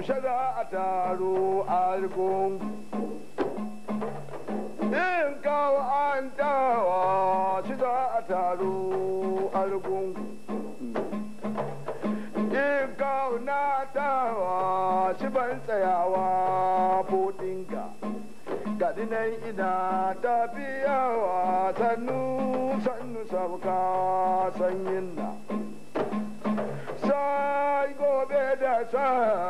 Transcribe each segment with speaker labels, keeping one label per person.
Speaker 1: yaushe za a taro argungu in kawo an tawa shi za a taro argungu in kawo na tawa shi ban tsayawa bodinga gadinan ina tafiyawa sannu sannu sauka sanyin na sai gobe da sa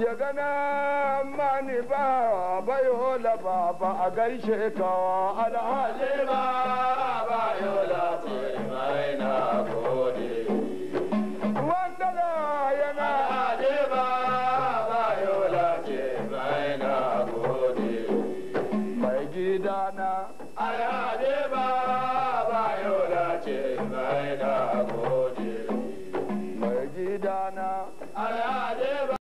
Speaker 1: ya gana mani ba bayo la ba ba a gaishe ka alhaji ba mai na gode wanda da yana alhaji ba bayo la ce mai na gode mai gidana alhaji ba bayo mai na